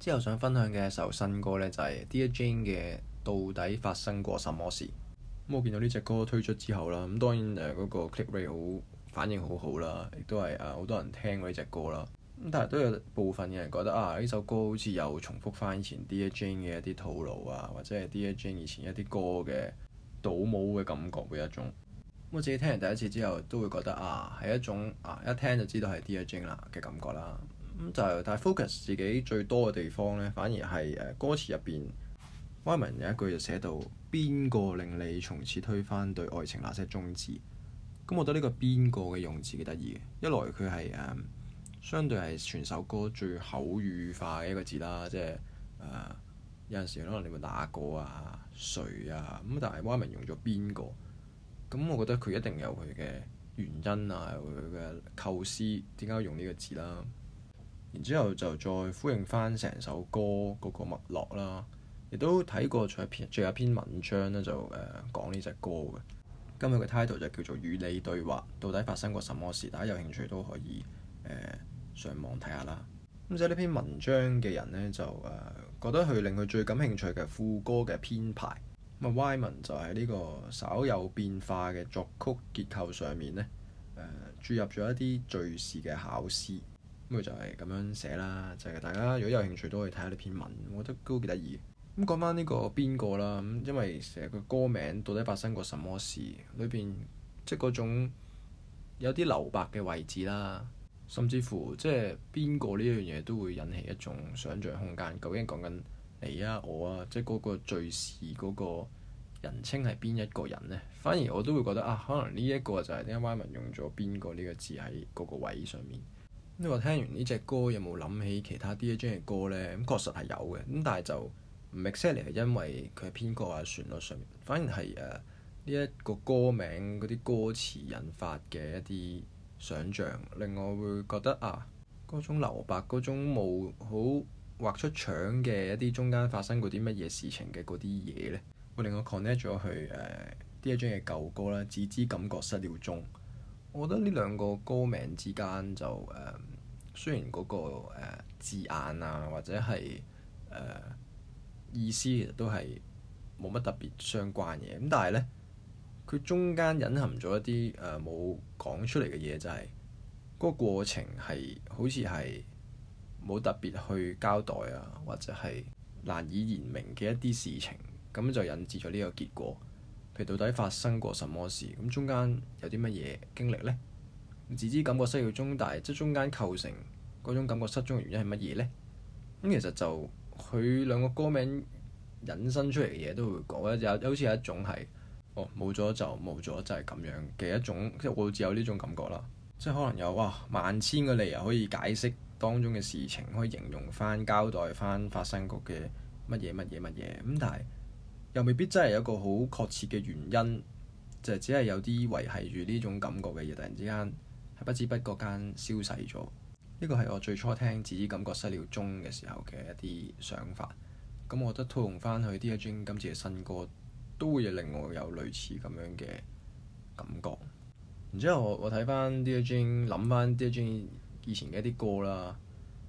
之後想分享嘅一首新歌呢，就係 Dear Jane 嘅《到底發生過什麼事》。我見到呢隻歌推出之後啦，咁當然誒嗰個 click rate 好反應好好啦，亦都係啊好多人聽過呢隻歌啦。咁但係都有部分嘅人覺得啊，呢首歌好似又重複翻以前 Dear Jane 嘅一啲套路啊，或者係 Dear Jane 以前一啲歌嘅倒模嘅感覺嘅一種。我自己聽完第一次之後，都會覺得啊，係一種啊一聽就知道係 Dear Jane 啦嘅感覺啦。啊咁、嗯、就但係 focus 自己最多嘅地方咧，反而係誒、呃、歌詞入邊。Wyman 有一句就寫到邊個令你從此推翻對愛情那些宗旨？咁、嗯、我覺得呢、這個邊個嘅用字幾得意嘅。一來佢係誒相對係全首歌最口語化嘅一個字啦，即係誒、呃、有陣時可能你會哪個啊、誰啊咁、嗯，但係 Wyman 用咗邊個咁？我覺得佢一定有佢嘅原因啊，有佢嘅構思點解用呢個字啦。然之後就再呼應翻成首歌嗰個脈絡啦，亦都睇過最後一篇，最後一篇文章咧就誒講呢隻歌嘅。今日嘅 title 就叫做《與你對話》，到底發生過什麼事？大家有興趣都可以誒、呃、上網睇下啦。咁就呢篇文章嘅人呢，就誒、呃、覺得佢令佢最感興趣嘅副歌嘅編排，咁啊 Wyman 就喺呢個稍有變化嘅作曲結構上面呢，呃、注入咗一啲敘事嘅巧思。咁就係咁樣寫啦，就係、是、大家如果有興趣都可以睇下呢篇文，我覺得都幾得意。咁、嗯、講翻呢、這個邊個啦，因為成日個歌名到底發生過什麼事，裏邊即係嗰種有啲留白嘅位置啦，甚至乎即係邊個呢一樣嘢都會引起一種想像空間。究竟講緊你啊我啊，即係嗰個敘事嗰個人稱係邊一個人呢？反而我都會覺得啊，可能呢一個就係 Wyman 用咗邊個呢個字喺嗰個位上面。你話聽完呢隻歌有冇諗起其他 DJ 嘅歌呢？咁確實係有嘅，咁但係就唔 exactly 係因為佢係編曲啊旋律上面，反而係誒呢一個歌名嗰啲歌詞引發嘅一啲想像，令我會覺得啊，嗰種留白、嗰種冇好畫出腸嘅一啲中間發生過嗰啲乜嘢事情嘅嗰啲嘢呢，會令我 connect 咗去誒 DJ 嘅舊歌啦，《只知感覺失了蹤》。我覺得呢兩個歌名之間就誒。啊雖然嗰個誒字眼啊，或者係誒意思其實都係冇乜特別相關嘅，咁但係咧，佢中間隱含咗一啲誒冇講出嚟嘅嘢，就係嗰個過程係好似係冇特別去交代啊，或者係難以言明嘅一啲事情，咁就引致咗呢個結果。佢到底發生過什麼事？咁中間有啲乜嘢經歷咧？自知感覺失去中大，即係中間構成嗰種感覺失蹤嘅原因係乜嘢呢？咁其實就佢兩個歌名引申出嚟嘅嘢都會講一有，好似一種係哦冇咗就冇咗，就係咁樣嘅一種，即係我自有呢種感覺啦。即係可能有哇萬千個理由可以解釋當中嘅事情，可以形容翻、交代翻發生過嘅乜嘢乜嘢乜嘢咁，但係又未必真係有一個好確切嘅原因，就係只係有啲維係住呢種感覺嘅嘢，突然之間，不知不覺間消逝咗，呢個係我最初聽《自己感覺失了蹤》嘅時候嘅一啲想法。咁、嗯、我覺得套用翻去 Dear Jane 今次嘅新歌，都會令我有類似咁樣嘅感覺。然之後我我睇翻 Dear Jane，諗翻 Dear Jane 以前嘅一啲歌啦，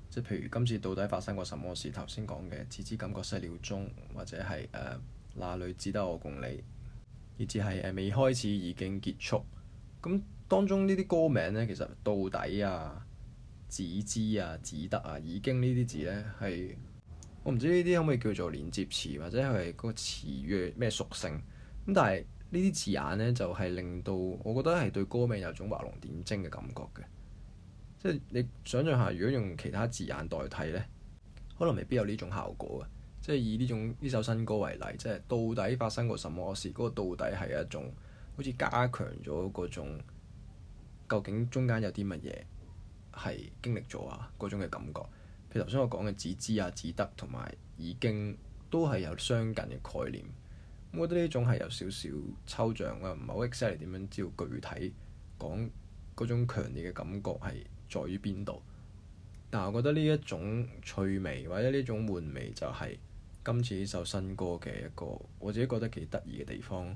即係譬如今次到底發生過什麼事？頭先講嘅《自己感覺失了蹤》，或者係誒哪裏只得我共你，以至係誒、呃、未開始已經結束。咁、嗯當中呢啲歌名呢，其實到底啊、只知啊、只得啊、已經呢啲字呢，係我唔知呢啲可唔可以叫做連接詞，或者係嗰個詞語咩屬性咁。但係呢啲字眼呢，就係令到我覺得係對歌名有種畫龍點睛嘅感覺嘅。即係你想象下，如果用其他字眼代替呢，可能未必有呢種效果嘅。即係以呢種呢首新歌為例，即係到底發生過什麼事？嗰個到底係一種好似加強咗嗰種。究竟中間有啲乜嘢係經歷咗啊？嗰種嘅感覺，譬如頭先我講嘅只知啊、只得同埋已經，都係有相近嘅概念。我覺得呢種係有少少抽象嘅，唔係好 exactly 點樣知道具體講嗰種強烈嘅感覺係在於邊度？但係我覺得呢一種趣味或者呢種悶味，就係今次呢首新歌嘅一個我自己覺得幾得意嘅地方。